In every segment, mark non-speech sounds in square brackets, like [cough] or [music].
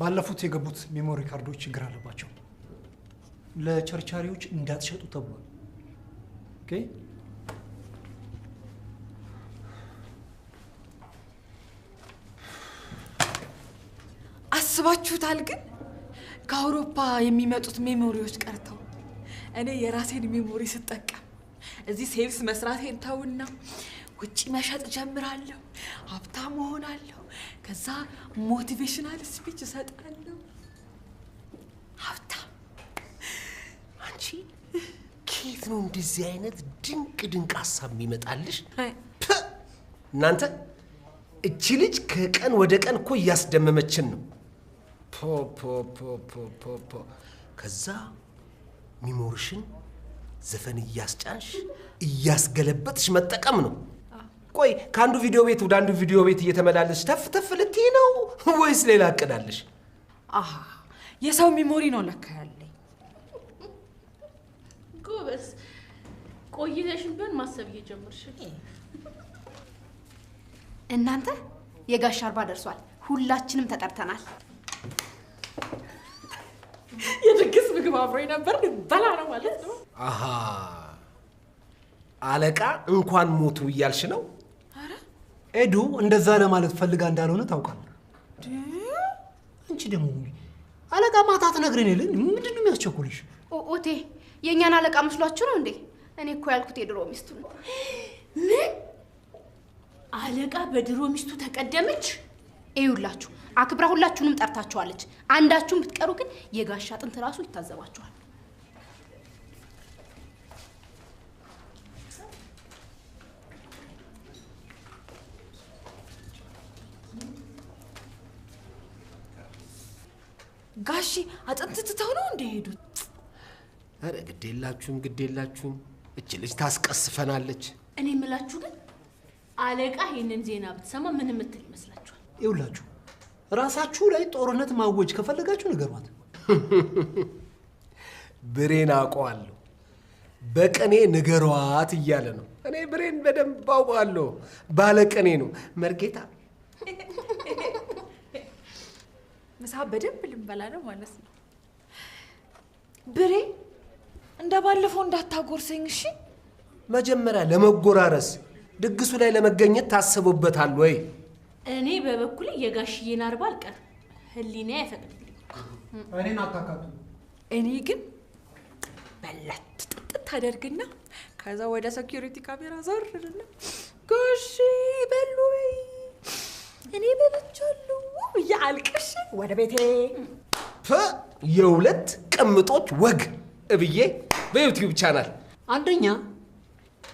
ባለፉት የገቡት ሜሞሪ ካርዶች ችግር አለባቸው። ለቸርቻሪዎች እንዳትሸጡ ተብሏል። ኦኬ አስባችሁታል? ግን ከአውሮፓ የሚመጡት ሜሞሪዎች ቀርተው እኔ የራሴን ሜሞሪ ስጠቀም እዚህ ሴልስ መስራቴን ተውና ውጭ መሸጥ ጀምራለሁ። ሀብታም እሆናለሁ፣ ከዛ ሞቲቬሽናል ስፒች እሰጣለሁ። ሀብታም አንቺ ከየት ነው እንደዚህ አይነት ድንቅ ድንቅ ሀሳብ የሚመጣልሽ? እናንተ እቺ ልጅ ከቀን ወደ ቀን እኮ እያስደመመችን ነው። ፖፖፖፖፖፖ ከዛ ሚሞርሽን ዘፈን እያስጫንሽ እያስገለበጥሽ መጠቀም ነው። ቆይ ከአንዱ ቪዲዮ ቤት ወደ አንዱ ቪዲዮ ቤት እየተመላለስሽ ተፍ ተፍ ልትይ ነው ወይስ ሌላ እቅዳለሽ? አሃ የሰው ሚሞሪ ነው ለካ ያለኝ። ጎበስ ቆይተሽን ቢሆን ማሰብ እየጀመርሽ እናንተ የጋሽ አርባ ደርሷል። ሁላችንም ተጠርተናል። የድግስ ምግብ አብሮ ነበር በላ ነው ማለት ነው። አሃ አለቃ እንኳን ሞቱ እያልሽ ነው? ኤዱ እንደዛ ለማለት ፈልጋ እንዳልሆነ ታውቃለህ። አንቺ ደግሞ አለቃ ማታ ትነግረን የለን ምንድን ነው የሚያስቸኩልሽ? ኦቴ የእኛን አለቃ መስሏችሁ ነው እንዴ? እኔ እኮ ያልኩት የድሮ ሚስቱ ነው። ምን አለቃ በድሮ ሚስቱ ተቀደመች? ይኸውላችሁ አክብራ ሁላችሁንም ጠርታችኋለች። አንዳችሁም ብትቀሩ ግን የጋሻ ጥንት ራሱ ይታዘባችኋል። ጋሺ አጥንት ትተው ነው እንደሄዱት? ኧረ ግድ የላችሁም ግድ እች ልጅ ታስቀስፈናለች። እኔ የምላችሁ ግን አለቃ ይህንን ዜና ብትሰማ ምን ምትል ይመስላችኋል? ይውላችሁ ራሳችሁ ላይ ጦርነት ማወጅ ከፈለጋችሁ ንገሯት። [laughs] ብሬን አውቀዋለሁ። በቅኔ ንገሯት እያለ ነው። እኔ ብሬን በደንብ አውቀዋለሁ። ባለቅኔ ነው መርጌታ [laughs] ምሳ በደንብ ልንበላ ነው ማለት ነው። ብሬ እንደ ባለፈው እንዳታጎርሰኝ እሺ። መጀመሪያ ለመጎራረስ ድግሱ ላይ ለመገኘት ታስቦበታል ወይ? እኔ በበኩሌ የጋሽዬን አርባ አልቀር ህሊና አይፈቅድልኝ። እኔን አታካቱ። እኔ ግን በላት ጥጥጥ ታደርግና ከዛ ወደ ሴኪሪቲ ካሜራ ዞር ጋሽ በሉ እኔ በልቻሉ ብዬ አልቅሽ ወደ ቤቴ የሁለት ቅምጦች ወግ እብዬ በዩቲዩብ ቻናል አንደኛ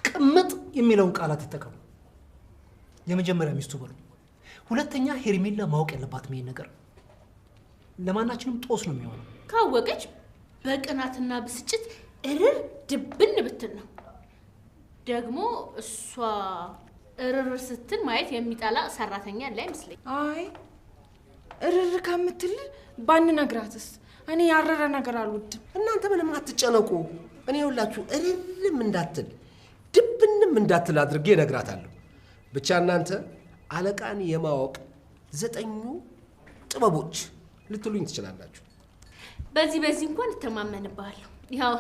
ቅምጥ የሚለውን ቃላት ተጠቀሙ። የመጀመሪያ ሚስቱ በሉ። ሁለተኛ ሄርሜላ ማወቅ ያለባት ይሄን ነገር ለማናችንም ጦስ ነው የሚሆነው። ካወቀች በቅናትና ብስጭት እርር ድብን ብትል ነው። ደግሞ እሷ እርር ስትል ማየት የሚጠላ ሰራተኛ ያለ አይመስለኝ። አይ እርር ከምትል ባንነግራትስ? እኔ ያረረ ነገር አልወድም። እናንተ ምንም አትጨነቁ። እኔ ሁላችሁ እርርም እንዳትል ድብንም እንዳትል አድርጌ እነግራታለሁ። ብቻ እናንተ አለቃን የማወቅ ዘጠኙ ጥበቦች ልትሉኝ ትችላላችሁ። በዚህ በዚህ እንኳን እተማመንብሃለሁ። ያው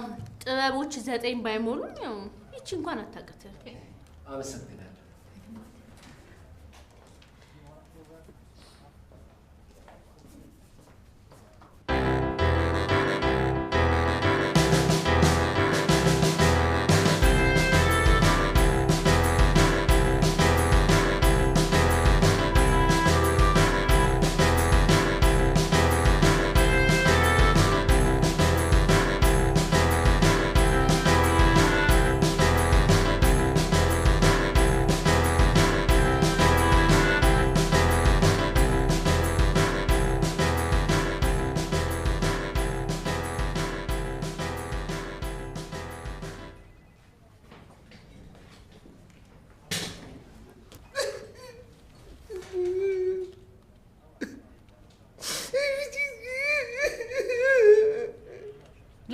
ጥበቦች ዘጠኝ ባይሞሉም ይቺ እንኳን አታውቃትም። አመሰግናለሁ።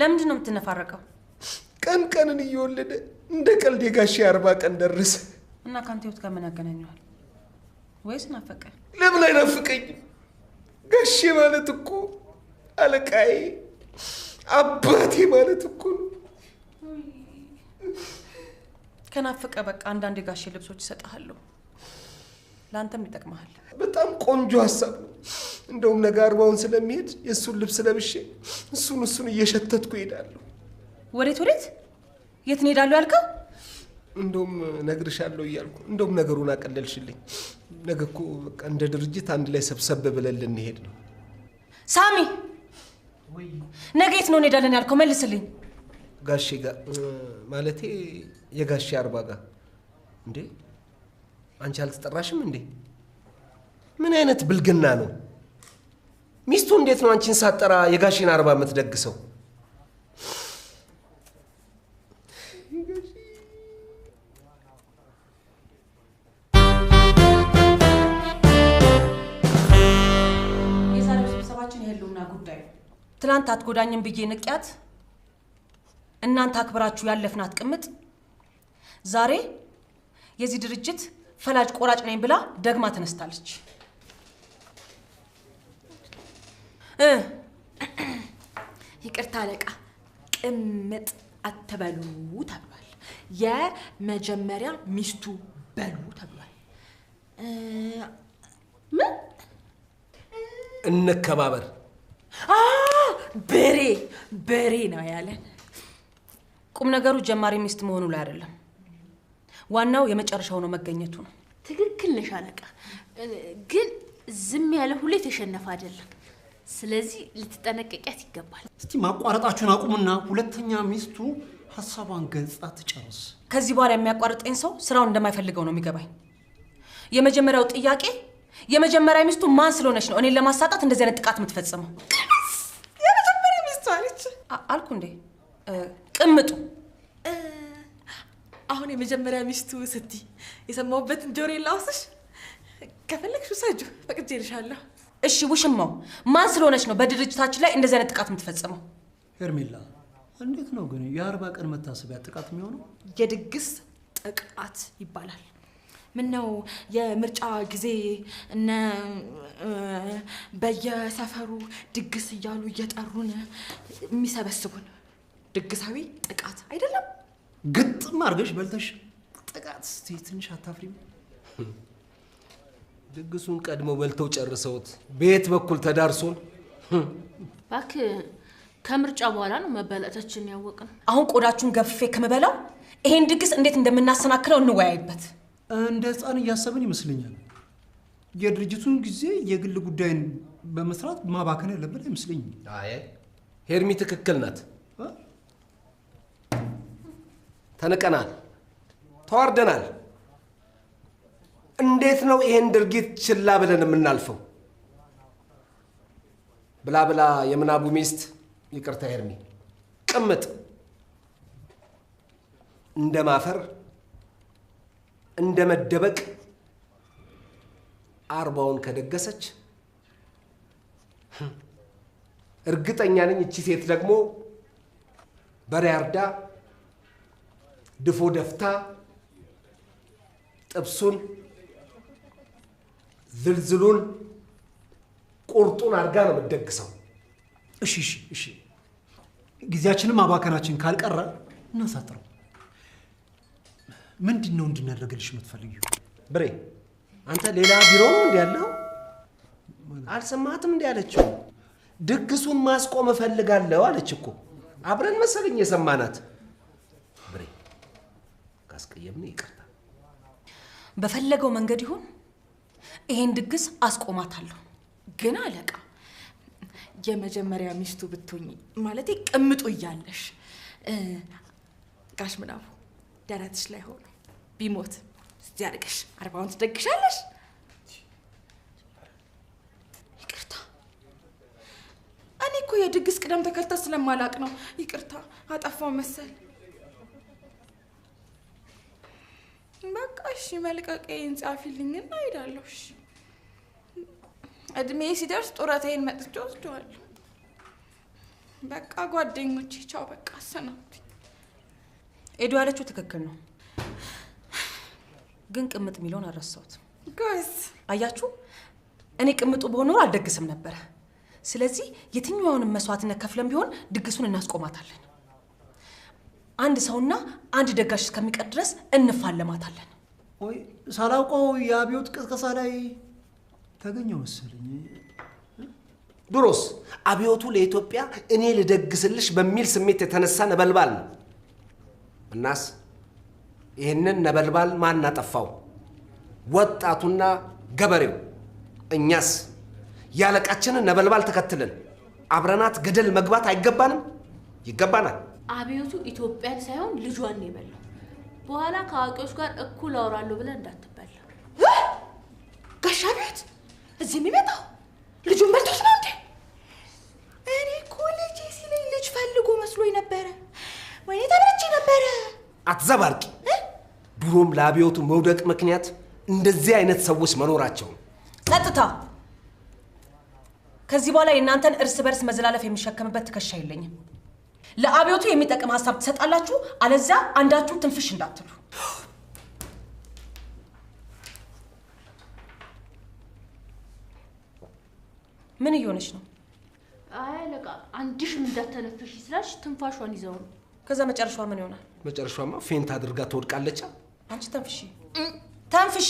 ለምንድን ነው የምትነፋረቀው? ቀን ቀንን እየወለደ እንደ ቀልድ የጋሼ አርባ ቀን ደረሰ እና ከአንተ ህይወት ጋር ምን ያገናኘዋል? ወይስ ናፈቀ? ለምን አይናፍቀኝም? ጋሼ ማለት እኮ አለቃዬ፣ አባቴ ማለት እኮ ነው። ከናፈቀ በቃ አንዳንድ የጋሼ ልብሶች ይሰጥሃለሁ። ለአንተም ይጠቅመሃል። በጣም ቆንጆ ሀሳብ ነው። እንደውም ነገ አርባውን ስለሚሄድ የእሱን ልብስ ለብሼ እሱን እሱን እየሸተትኩ እሄዳለሁ። ወዴት ወዴት? የት እንሄዳለሁ ያልከው? እንደውም እነግርሻለሁ እያልኩ እንደውም ነገሩን አቀለልሽልኝ። ነገ እኮ በቃ እንደ ድርጅት አንድ ላይ ሰብሰብ ብለን ልንሄድ ነው። ሳሚ፣ ነገ የት ነው እንሄዳለን ያልከው? መልስልኝ። ጋሼ ጋ ማለቴ የጋሼ አርባ ጋር እንዴ አንቺ አልተጠራሽም እንዴ? ምን አይነት ብልግና ነው? ሚስቱ እንዴት ነው አንቺን ሳጠራ የጋሽን አርባ የምትደግሰው? ትላንት አትጎዳኝም ብዬ ንቅያት እናንተ አክብራችሁ ያለፍናት ቅምጥ ዛሬ የዚህ ድርጅት ፈላጭ ቆራጭ ነኝ ብላ ደግማ ተነስታለች። ይቅርታ አለቃ፣ ቅምጥ አትበሉ ተብሏል። የመጀመሪያ ሚስቱ በሉ ተብሏል። ምን እንከባበር። በሬ በሬ ነው ያለን። ቁም ነገሩ ጀማሪ ሚስት መሆኑ ላይ አይደለም። ዋናው የመጨረሻው ነው መገኘቱ ነው። ትክክል ነሽ አለቃ። ግን ዝም ያለ ሁሉ የተሸነፈ አይደለም። ስለዚህ ልትጠነቀቂያት ይገባል። እስቲ ማቋረጣችሁን አቁሙና ሁለተኛ ሚስቱ ሀሳቧን ገንጻ ትጨርስ። ከዚህ በኋላ የሚያቋርጠኝ ሰው ስራውን እንደማይፈልገው ነው የሚገባኝ። የመጀመሪያው ጥያቄ የመጀመሪያ ሚስቱ ማን ስለሆነች ነው እኔን ለማሳጣት እንደዚህ አይነት ጥቃት የምትፈጽመው? የመጀመሪያ ሚስቱ አለች አልኩ እንዴ? ቅምጡ አሁን የመጀመሪያ ሚስቱ ስቲ የሰማሁበትን ጆሮ የላውስሽ። ከፈለግሽ ውሰጁ፣ ፈቅጄልሻለሁ። እሺ ውሽማው ማን ስለሆነች ነው በድርጅታችን ላይ እንደዚህ አይነት ጥቃት የምትፈጽመው? ሄርሜላ፣ እንዴት ነው ግን የአርባ ቀን መታሰቢያ ጥቃት የሚሆነው? የድግስ ጥቃት ይባላል። ምን ነው የምርጫ ጊዜ እነ በየሰፈሩ ድግስ እያሉ እየጠሩን የሚሰበስቡን ድግሳዊ ጥቃት አይደለም ግጥም አድርገሽ በልተሽ ጥቃት እስቲ ትንሽ አታፍሪም? ድግሱን ቀድመው በልተው ጨርሰውት ቤት በኩል ተዳርሶን ባክ ከምርጫ በኋላ ነው መበለጠችን ያወቅን። አሁን ቆዳችሁን ገፍፌ ከምበላው ይሄን ድግስ እንዴት እንደምናሰናክለው እንወያይበት። እንደ ህፃን እያሰብን ይመስለኛል። የድርጅቱን ጊዜ የግል ጉዳይን በመስራት ማባከን ያለበት አይመስለኝም። ሄርሚ ትክክል ናት። ተንቀናል፣ ተዋርደናል። እንዴት ነው ይሄን ድርጊት ችላ ብለን የምናልፈው? ብላ ብላ የምናቡ ሚስት ይቅርታ ሄርሚ ቅምጥ እንደ ማፈር እንደ መደበቅ አርባውን ከደገሰች እርግጠኛ ነኝ እቺ ሴት ደግሞ በሬ አርዳ ድፎ ደፍታ ጥብሱን ዝልዝሉን ቁርጡን አድርጋ ነው የምትደግሰው። እሺ እሺ እሺ፣ ጊዜያችንም ማባከናችን ካልቀረ እናሳጥረው። ምንድን ነው እንድናደርግልሽ የምትፈልጊ? ብሬ አንተ ሌላ ቢሮ ነው እንዲ ያለው አልሰማትም? እንዲ ያለችው ድግሱን ማስቆም እፈልጋለሁ አለች እኮ። አብረን መሰለኝ የሰማናት ካስቀየምን ይቅርታ። በፈለገው መንገድ ይሁን ይሄን ድግስ አስቆማታለሁ። ግን አለቃ የመጀመሪያ ሚስቱ ብትሆኝ ማለት ቅምጡ እያለሽ ጋሽ ምናቡ ደረትሽ ላይ ሆኖ ቢሞት እዚህ አድርገሽ አርባውን ትደግሻለሽ። ይቅርታ እኔ እኮ የድግስ ቅደም ተከተል ስለማላቅ ነው። ይቅርታ አጠፋው መሰል በቃ እሺ፣ መልቀቂያዬን ጻፊልኝና እሄዳለሁ። እሺ፣ እድሜ ሲደርስ ጡረታዬን መጥቼ ወስደዋለሁ። በቃ ጓደኞቼ፣ ቻው። በቃ አሰናብቱኝ። ኤዱ ያለችው ትክክል ነው፣ ግን ቅምጥ የሚለውን አረሳሁት። ጎዝ አያችሁ፣ እኔ ቅምጡ በሆነ አልደግስም ነበረ። ስለዚህ የትኛውንም መስዋዕትነት ከፍለም ቢሆን ድግሱን እናስቆማታለን። አንድ ሰውና አንድ ደጋሽ እስከሚቀር ድረስ እንፋለማታለን። ወይ ሳላውቀው የአብዮት ቅስቀሳ ላይ ተገኘው መሰለኝ። ድሮስ አብዮቱ ለኢትዮጵያ እኔ ልደግስልሽ በሚል ስሜት የተነሳ ነበልባል ነው። እናስ ይህንን ነበልባል ማን አጠፋው? ወጣቱና ገበሬው። እኛስ ያለቃችንን ነበልባል ተከትለን አብረናት ገደል መግባት አይገባንም? ይገባናል። አብዮቱ ኢትዮጵያን ሳይሆን ልጇን የበላው። በኋላ ከአዋቂዎች ጋር እኩል አውራለሁ ብለን እንዳትበላ። ጋሽ አብዮት እዚህ የሚመጣው ልጁን በልቶት ነው እንዴ? እኔ እኮ ልጄ ሲለኝ ልጅ ፈልጎ መስሎኝ ነበረ። ወይኔ ተብለቼ ነበረ። አትዘባርቂ። ድሮም ለአብዮቱ መውደቅ ምክንያት እንደዚህ አይነት ሰዎች መኖራቸው። ጸጥታ! ከዚህ በኋላ የእናንተን እርስ በርስ መዘላለፍ የሚሸከምበት ትከሻ የለኝም። ለአብዮቱ የሚጠቅም ሀሳብ ትሰጣላችሁ፣ አለዚያ አንዳችሁ ትንፍሽ እንዳትሉ። ምን እየሆነች ነው? አይ አለቃ፣ አንድሽም እንዳተነፍሽ ስላልሽ ትንፋሿን ይዘው ነው። ከዛ መጨረሻ ምን ይሆናል? መጨረሻማ ፌንት አድርጋ ትወድቃለች። አንቺ ተንፍሺ ተንፍሺ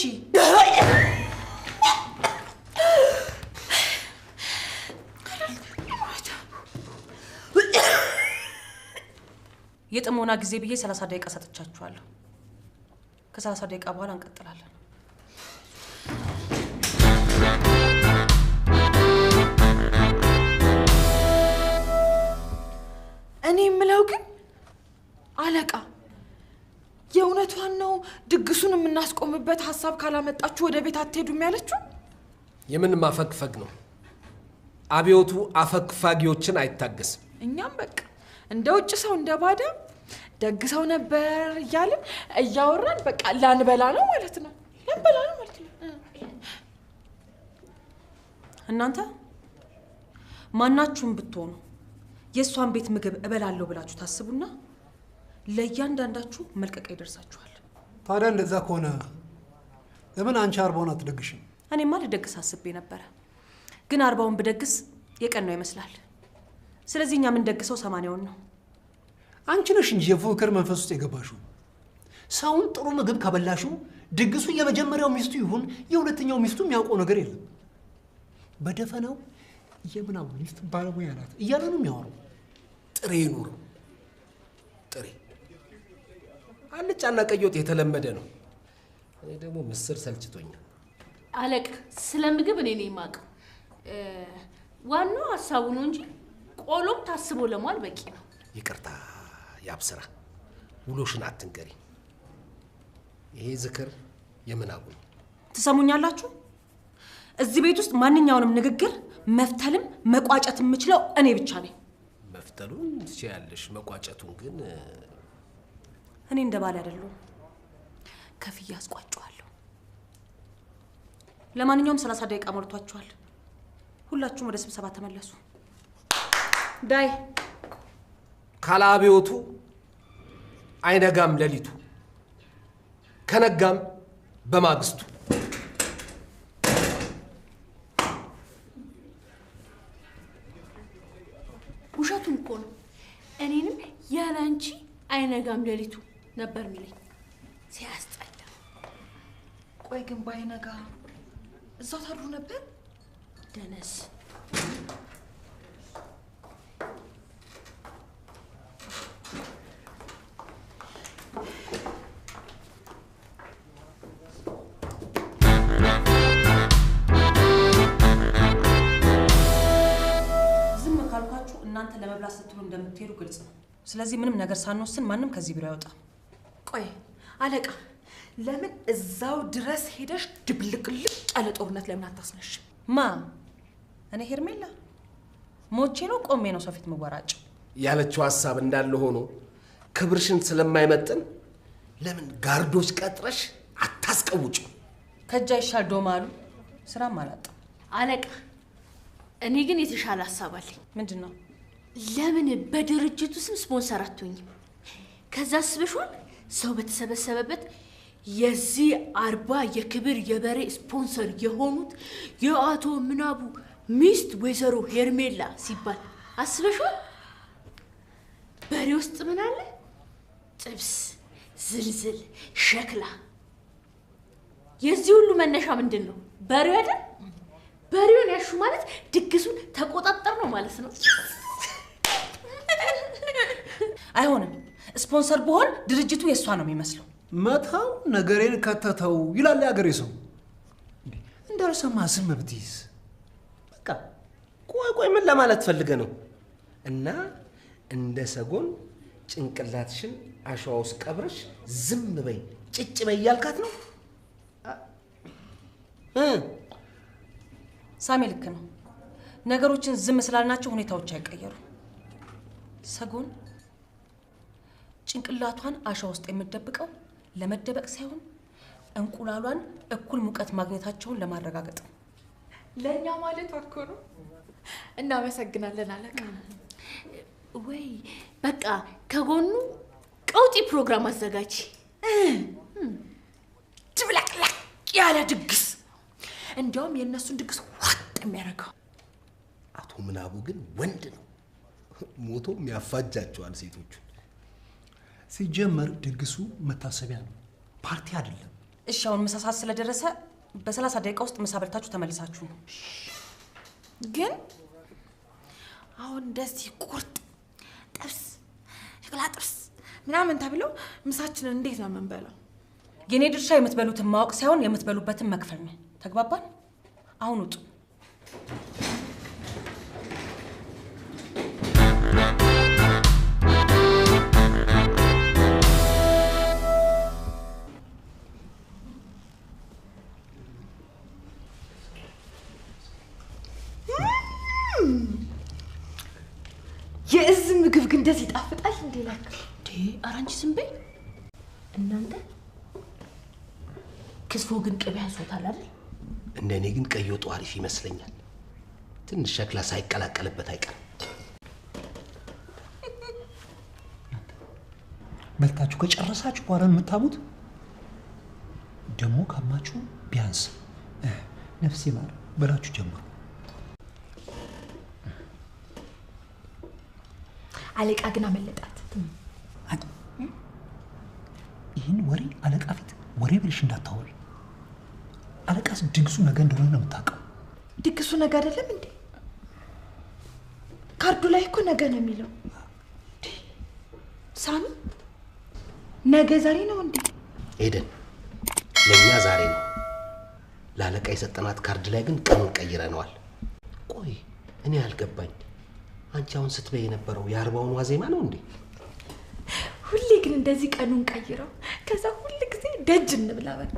የጥሞና ጊዜ ብዬ ሰላሳ ደቂቃ ሰጥቻችኋለሁ። ከ30 ደቂቃ በኋላ እንቀጥላለን። እኔ የምለው ግን አለቃ የእውነቷን ነው? ድግሱን የምናስቆምበት ሀሳብ ካላመጣችሁ ወደ ቤት አትሄዱም ያለችው? የምን ማፈግፈግ ነው? አብዮቱ አፈግፋጊዎችን አይታገስም። እኛም በቃ እንደ ውጭ ሰው እንደ ባዳ ደግ ሰው ነበር እያልን እያወራን በቃ ላንበላ ነው ማለት ነው። ላንበላ ነው ማለት ነው። እናንተ ማናችሁም ብትሆኑ የእሷን ቤት ምግብ እበላለሁ ብላችሁ ታስቡና ለእያንዳንዳችሁ መልቀቂያ ይደርሳችኋል። ታዲያ እንደዛ ከሆነ ለምን አንቺ አርባውን አትደግሽም? እኔማ ልደግስ አስቤ ነበረ፣ ግን አርባውን ብደግስ የቀን ነው ይመስላል። ስለዚህ እኛ የምንደግሰው ሰማንያውን ነው። አንቺ ነሽ እንጂ የፉክክር መንፈስ ውስጥ የገባሽው። ሰውን ጥሩ ምግብ ከበላሽው ድግሱ የመጀመሪያው ሚስቱ ይሁን የሁለተኛው ሚስቱ የሚያውቀው ነገር የለም። በደፈናው የምናምን ሚስት ባለሙያ ናት እያለ ነው ጥሬ ኑረው ጥሬ አልጫና ቀይ ወጥ የተለመደ ነው። እኔ ደግሞ ምስር ሰልችቶኛል። አለቅ ስለ ምግብ እኔ ነው የማውቀው። ዋናው ሀሳቡ ነው እንጂ ቆሎም ታስቦ ለማል በቂ ነው። ይቅርታ ያብስራ፣ ውሎሽን አትንገሪ። ይሄ ዝክር የምናቡ ትሰሙኛላችሁ? እዚህ ቤት ውስጥ ማንኛውንም ንግግር መፍተልም መቋጨት የምችለው እኔ ብቻ ነኝ። መፍተሉን ትችያለሽ፣ መቋጨቱን ግን እኔ እንደ ባል አይደለሁም። ከፍዬ አስቋጨዋለሁ። ለማንኛውም ሰላሳ ደቂቃ ሞልቷችኋል። ሁላችሁም ወደ ስብሰባ ተመለሱ። ዳይ ካላቢዮቱ አይነጋም ሌሊቱ፣ ከነጋም በማግስቱ። ውሸቱን እኮ ነው። እኔንም ያለ አንቺ አይነጋም ሌሊቱ ነበር የሚለኝ። ሲያስጠላ። ቆይ ግን ባይነጋ እዛው ታድሩ ነበር ደነስ እንደምትሄዱ ግልጽ ነው። ስለዚህ ምንም ነገር ሳንወስን ማንም ከዚህ ቢሮ አይወጣም። ቆይ አለቃ፣ ለምን እዛው ድረስ ሄደሽ ድብልቅልቅ ያለ ጦርነት ለምን አታስነሽ? ማ እኔ ሄርሜላ ሞቼ ነው ቆሜ ነው ሰው ፊት መወራጭ ያለችው ሀሳብ እንዳለ ሆኖ ክብርሽን ስለማይመጥን ለምን ጋርዶች ቀጥረሽ አታስቀውጭ? ከእጃ ይሻል ዶማ አሉ። ስራም አላጣም አለቃ። እኔ ግን የተሻለ ሀሳብ አለኝ። ምንድን ነው? ለምን በድርጅቱ ስም ስፖንሰር አትሆኝም? ከዛ አስበሽዋል? ሰው በተሰበሰበበት የዚህ አርባ የክብር የበሬ ስፖንሰር የሆኑት የአቶ ምናቡ ሚስት ወይዘሮ ሄርሜላ ሲባል አስበሽዋል? በሬ ውስጥ ምን አለ? ጥብስ፣ ዝልዝል፣ ሸክላ። የዚህ ሁሉ መነሻ ምንድን ነው? በሬው አይደል? በሬውን ያሹ ማለት ድግሱን ተቆጣጠር ነው ማለት ነው። አይሆንም። ስፖንሰር በሆን ድርጅቱ የእሷ ነው የሚመስለው። መታው ነገሬን ከተተው ይላል የአገሬ ሰው። እንደረሰማ ዝም ብትይዝ በቃ። ቆይ ቆይ፣ ምን ለማለት ፈልገ ነው? እና እንደ ሰጎን ጭንቅላትሽን አሸዋ ውስጥ ቀብረሽ ዝም በይ ጭጭ በይ እያልካት ነው? ሳሚ ልክ ነው። ነገሮችን ዝም ስላልናቸው ሁኔታዎች አይቀየሩ ሰጎን ጭንቅላቷን አሻ ውስጥ የምደብቀው ለመደበቅ ሳይሆን እንቁላሏን እኩል ሙቀት ማግኘታቸውን ለማረጋገጥ ነው። ለእኛ ማለት እኮ ነው። እናመሰግናለን አለቃ። ወይ በቃ ከጎኑ ቀውጢ ፕሮግራም አዘጋጅ፣ ድብላቅላቅ ያለ ድግስ። እንዲያውም የእነሱን ድግስ ዋጥ የሚያደርገው አቶ ምናቡ ግን ወንድ ነው፣ ሞቶም ያፋጃቸዋል ሴቶቹን። ሲጀመር ድግሱ መታሰቢያ ነው፣ ፓርቲ አይደለም። እሺ አሁን ምሳ ሰዓት ስለደረሰ በሰላሳ ደቂቃ ውስጥ ምሳ በልታችሁ ተመልሳችሁ ነው። ግን አሁን እንደዚህ ቁርጥ፣ ጥብስ፣ ሸክላ ጥብስ ምናምን ተብሎ ምሳችንን እንዴት ነው የምንበላው? የኔ ድርሻ የምትበሉትን ማወቅ ሳይሆን የምትበሉበትን መክፈል ነው። ተግባባን? አሁን ውጡ። እንደዚህ ጣፍጣል እንዴ? ላክ እንዴ! ኧረ አንቺ ዝም በይ እናንተ። ክትፎ ግን ቅቤ አንሶታል አይደል? እንደ እኔ ግን ቀይ ወጡ አሪፍ ይመስለኛል። ትንሽ ሸክላ ሳይቀላቀልበት አይቀርም። በልታችሁ ከጨረሳችሁ በኋላ የምታሙት ደግሞ ካማችሁ ቢያንስ ነፍሴ ማር በላችሁ ጀምሩ። አለቃ ግን አመለጣት። ይህን ወሬ አለቃ ፊት ወሬ ብልሽ እንዳታወሪ። አለቃስ ድግሱ ነገ እንደሆነ ነው የምታውቀው። ድግሱ ነገ አይደለም እንዴ? ካርዱ ላይ እኮ ነገ ነው የሚለው። ሳሚ ነገ ዛሬ ነው እንዴ? ሄደን ለእኛ ዛሬ ነው። ለአለቃ የሰጠናት ካርድ ላይ ግን ቀኑን ቀይረነዋል። ቆይ እኔ አልገባኝ አንቺ አሁን ስትበይ የነበረው የአርባውን ዋዜማ ነው እንዴ? ሁሌ ግን እንደዚህ ቀኑን ቀይረው፣ ከዛ ሁል ጊዜ ደጅ እንብላ በቃ።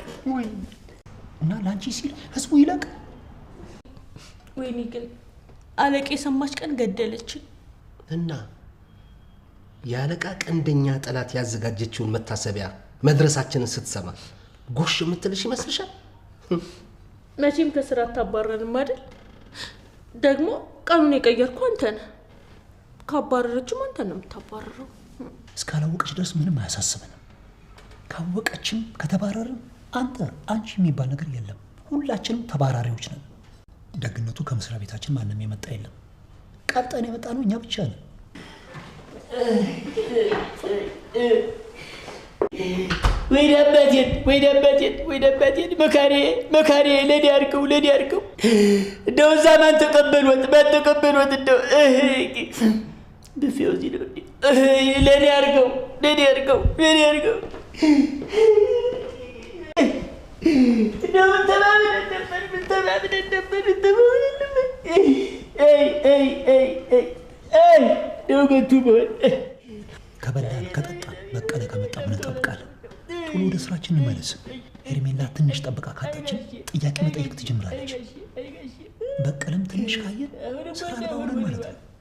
እና ለአንቺ ሲል ህዝቡ ይለቅ። ወይኔ ግን አለቃ የሰማች ቀን ገደለችን እና የአለቃ ቀንደኛ ጠላት ያዘጋጀችውን መታሰቢያ መድረሳችንን ስትሰማ ጎሽ የምትልሽ ይመስልሻል? መቼም ከስራ አታባረንም አይደል? ደግሞ ቀኑን የቀየርኩ አንተ ነህ። ካባረረችም አንተን ነው የምታባረረው። እስካላወቀች ድረስ ምንም አያሳስብንም። ካወቀችም ከተባረርን አንተ አንቺ የሚባል ነገር የለም። ሁላችንም ተባራሪዎች ነን። ደግነቱ ከመስሪያ ቤታችን ማንም የመጣ የለም። ቀብጠን የመጣ ነው እኛ ብቻ ነን። ወይኔ አባቴን ወይኔ አባቴን ወይኔ አባቴን መካሬ መካሬ ለኔ አድርገው ለኔ አድርገው እንደው እዛ ማን ተቀበል ማን ተቀበል እንደው ብፌው ለኔ ነው። ለእኔ አድርገው፣ ለእኔ አድርገው፣ ከበላን ከጠጣን በቀለ ከመጣ ምን እንጠብቃለን? ቶሎ ወደ ስራችን እንመለስ። ሄርሜላ ትንሽ ጠብቃ ካጣችን ጥያቄ መጠየቅ ትጀምራለች። በቀለም ትንሽ ካየን ስራ አልባ ሆነን ማለት ነው።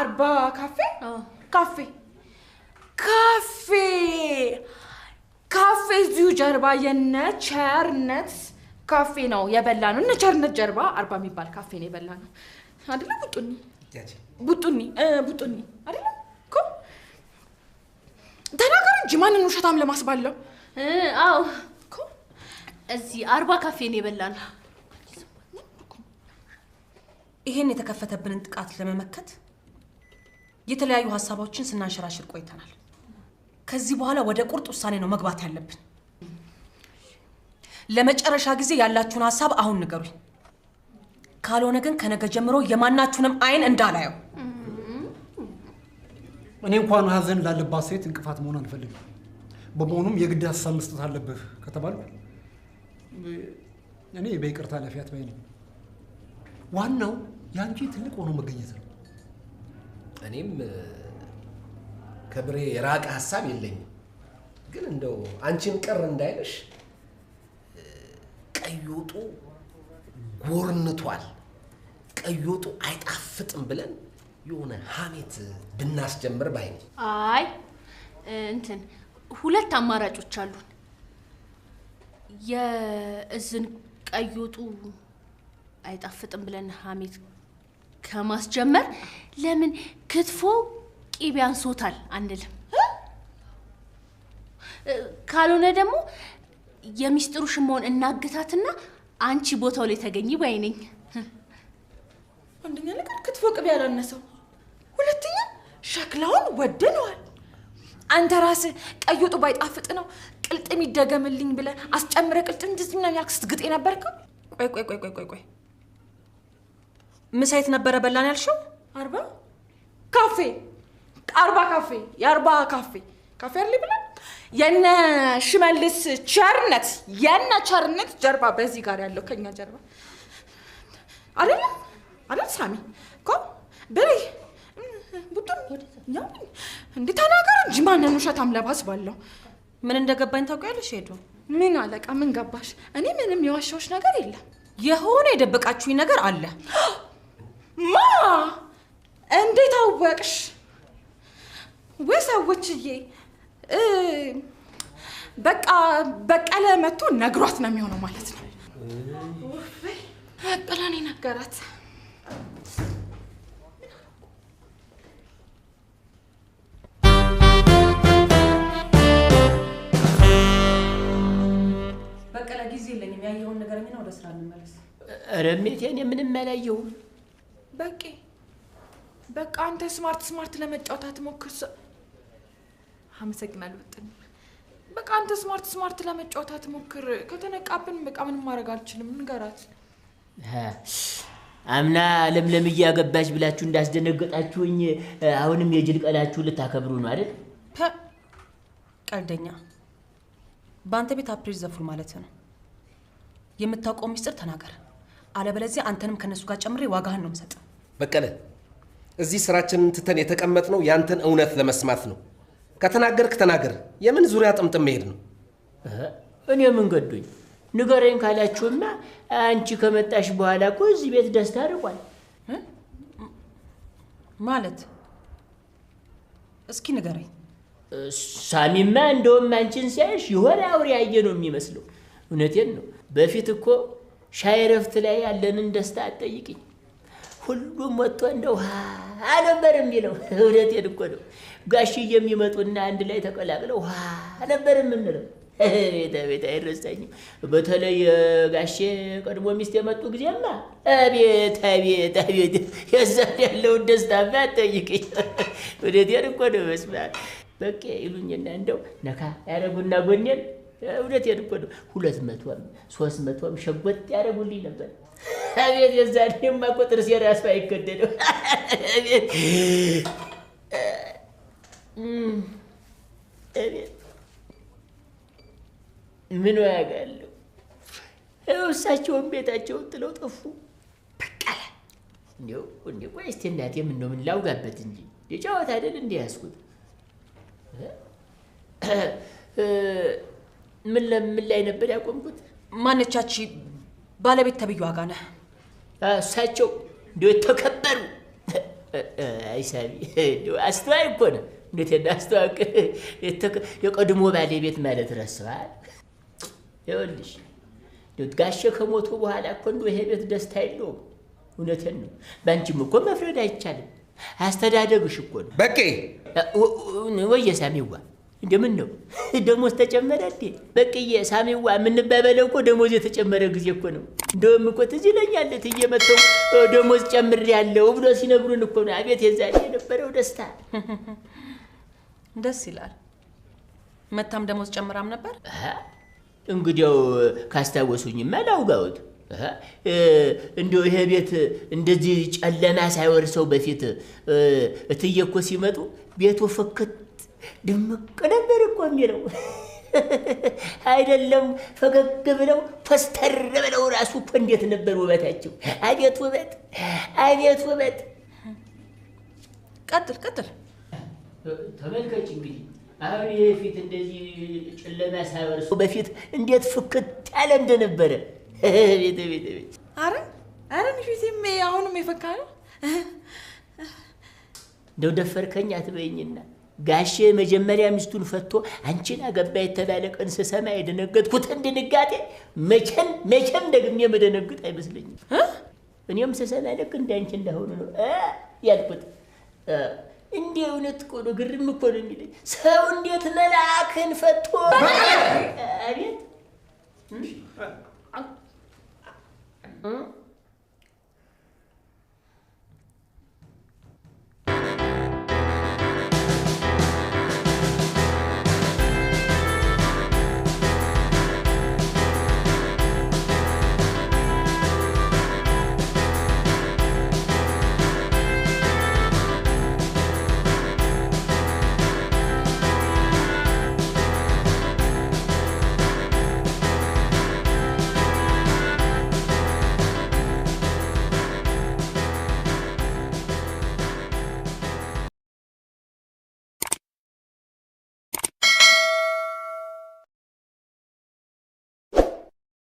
አርባ ካፌ ካፌ ካፌ ካፌ እዚሁ ጀርባ የነ ቸርነት ካፌ ነው የበላ ነው። እነ ቸርነት ጀርባ አርባ የሚባል ካፌ ነው የበላ ነው አደለ? ቡጡኒ ቡጡኒ ቡጡኒ አደለ? ተናገር እንጂ ማንን ውሸታም ለማስባለው? አዎ እዚህ አርባ ካፌ ነው የበላ ነው። ይሄን የተከፈተብንን ጥቃት ለመመከት የተለያዩ ሀሳቦችን ስናንሸራሽር ቆይተናል። ከዚህ በኋላ ወደ ቁርጥ ውሳኔ ነው መግባት ያለብን። ለመጨረሻ ጊዜ ያላችሁን ሀሳብ አሁን ንገሩኝ። ካልሆነ ግን ከነገ ጀምሮ የማናችሁንም አይን እንዳላየው። እኔ እንኳን ሀዘን ላለባት ሴት እንቅፋት መሆን አልፈልግም። በመሆኑም የግድ ሀሳብ መስጠት አለብህ ከተባሉ እኔ በይቅርታ ለፊያት ባይ ነኝ። ዋናው የአንቺ ትልቅ ሆኖ መገኘት ነው። እኔም ከብሬ የራቀ ሀሳብ የለኝም። ግን እንደው አንቺን ቅር እንዳይልሽ ቀይ ወጡ ጎርንቷል፣ ቀይ ወጡ አይጣፍጥም ብለን የሆነ ሀሜት ብናስጀምር ባይ ነው። አይ እንትን ሁለት አማራጮች አሉን። የእዝን ቀይ ወጡ አይጣፍጥም ብለን ሀሜት ከማስጀመር ለምን ክትፎ ቂቤ አንሶታል አንልም። ካልሆነ ደግሞ የሚስጥሩ ሽመሆን እናግታትና አንቺ ቦታው ላይ ተገኝ ባይ ነኝ። አንደኛ ነገር ክትፎ ቅቤ ያላነሰው፣ ሁለተኛ ሸክላውን ወድነዋል። አንተ ራስህ ቀይ ወጡ ባይጣፍጥ ነው ቅልጥም ይደገምልኝ ብለህ አስጨምረ ቅልጥም ድዝምና ያልክ ነበርከው። የነበርከው። ቆይ ቆይ ቆይ ቆይ ቆይ ምሳ የት ነበረ በላን ያልሽው? አርባ ካፌ አርባ ካፌ የአርባ ካፌ ካፌ አለ ብለን የነ ሽመልስ ቸርነት የነ ቸርነት ጀርባ በዚህ ጋር ያለው ከኛ ጀርባ አይደለ አይደል? ሳሚ እኮ በይ ቡድን እንዴ ተናገር እንጂ ማንን ውሸት አምላባስ ባለው ምን እንደገባኝ ታውቂያለሽ? ሄዱ ምን አለቃ ምን ገባሽ? እኔ ምንም የዋሻዎች ነገር የለም። የሆነ የደበቃችሁኝ ነገር አለ። [gasps] ማ እንዴት አወቅሽ? ወይ ሰዎችዬ፣ በቃ በቀለ መቶ ነግሯት ነው የሚሆነው ማለት ነው። በቀለ እኔ ነገራት። በቀለ ጊዜ የለኝም። ያየውን ነገር ወደ ስራ እንመለስ። ኧረ እሜቴ፣ በቂ በቃ አንተ ስማርት ስማርት ለመጫወት አትሞክር። አመሰግናለሁ። በጥን በቃ አንተ ስማርት ስማርት ለመጫወት አትሞክር። ከተነቃብን በቃ ምንም ማድረግ አልችልም። ንገራት። አምና ለምለም እያገባች ብላችሁ እንዳስደነገጣችሁኝ አሁንም የጅል ቀላችሁ ልታከብሩ ነው አይደል? ቀልደኛ በአንተ ቤት አፕሪል ዘፉል ማለት ነው። የምታውቀው ሚስጥር ተናገር፣ አለበለዚያ አንተንም ከነሱ ጋር ጨምሬ ዋጋህን ነው የምሰጠው። በቀለ እዚህ ስራችንን ትተን የተቀመጥነው ያንተን እውነት ለመስማት ነው። ከተናገርክ ተናገር። የምን ዙሪያ ጥምጥም መሄድ ነው? እኔ ምን ገዶኝ? ንገረኝ ካላችሁማ አንቺ ከመጣሽ በኋላ እኮ እዚህ ቤት ደስታ ርቋል። ማለት እስኪ ንገረኝ። ሳሚማ እንደውም አንቺን ሲያይሽ የሆነ አውሬ ያየ ነው የሚመስለው። እውነቴን ነው። በፊት እኮ ሻይ እረፍት ላይ ያለንን ደስታ አትጠይቅኝ። ሁሉም ወጥቶ እንደው ነበር የሚለው። እውነቴን እኮ ነው። ጋሽዬ የሚመጡና አንድ ላይ ተቀላቅለው ነበር የምንለው። ቤተ ቤት አይረሳኝም። በተለይ ጋሼ ቀድሞ ሚስት የመጡ ጊዜማ አቤት አቤት አቤት የዛን ያለውን ደስታ አትጠይቅኝ። እውነቴን እኮ ነው። በስመ አብ በቃ ይሉኝና እንደው ነካ ያደረጉና ጎኔን እውነቴን እኮ ነው። ሁለት መቶም ሶስት መቶም ሸጎጥ ያደረጉልኝ ነበር አቤት የዛኔማ እኮ ጥርሴ እራሱ አይገደለው። አቤት አቤት ምን ያጋለው እሳቸውን ቤታቸውን ጥለው ጠፉ። በቃ እንዲያው እንዲ ቆይ እስቲ እናቴ ምን ነው ምን ላውጋበት እንጂ የጨዋታ አይደል እንዲ ያዝኩት። ምን ለምን ላይ ነበር ያቆምኩት? ማነቻች ባለቤት ተብዬ ዋጋ ነህ። እሳቸው እንዲያው የተከበሩ አይሳቢ አስተዋይ እኮ ነው። እንዴት እንዳስተዋውቅ የቀድሞ ባለቤት ማለት ረስባል። ይኸውልሽ ጋሼ ከሞቱ በኋላ እኮ እንደው ይሄ ቤት ደስታ የለውም። እውነቴን ነው። በአንቺም እኮ መፍረድ አይቻልም። አስተዳደግሽ እኮ ነው። በቄ ወየሳሚዋ እንደምን ነው ደሞዝ ተጨመረ እንዴ? በቅዬ ሳሚዋ የምንባባለው እኮ ደሞዝ የተጨመረ ጊዜ እኮ ነው። እንደውም እኮ ትዝ ይለኛል እትዬ መተው ደሞዝ ጨምር ያለው ብሎ ሲነግሩን እኮ ነው። አቤት የዛኔ የነበረው ደስታ ደስ ይላል። መታም ደሞዝ ጨምራም ነበር። እንግዲያው ካስታወሱኝማ ላውጋውት እንዲሁ ይሄ ቤት እንደዚህ ጨለማ ሳይወርሰው በፊት እትዬ እኮ ሲመጡ ቤቱ ፍክት ድምቅ ነበር እኮ የሚለው አይደለም። ፈገግ ብለው ፈስተር ብለው ራሱ እኮ እንዴት ነበር ውበታቸው! አቤት ውበት፣ አቤት ውበት! ቀጥል ቀጥል። ተመልከች እንግዲህ አሁን ይህ ፊት እንደዚህ ጨለማ ሳይወርሱ በፊት እንዴት ፍክት ያለ እንደነበረ ቤተ ቤተ ቤት አረ አረ ፊቴም አሁንም የፈካ ነው። እንደው ደፈርከኝ አትበይኝና ጋሼ መጀመሪያ ሚስቱን ፈቶ አንቺን አገባ የተባለ ቀን ስሰማ የደነገጥኩትን ድንጋጤ መቼም መቼም ደግሜ መደነግጥ አይመስለኝም። እኔም ስሰማ ልክ እንደ አንቺ እንዳሆኑ ነው ያልኩት። እንደ እውነት እኮ ነው፣ ግርም እኮ ነው የሚለኝ ሰው እንዴት መልአክን ፈቶ አቤት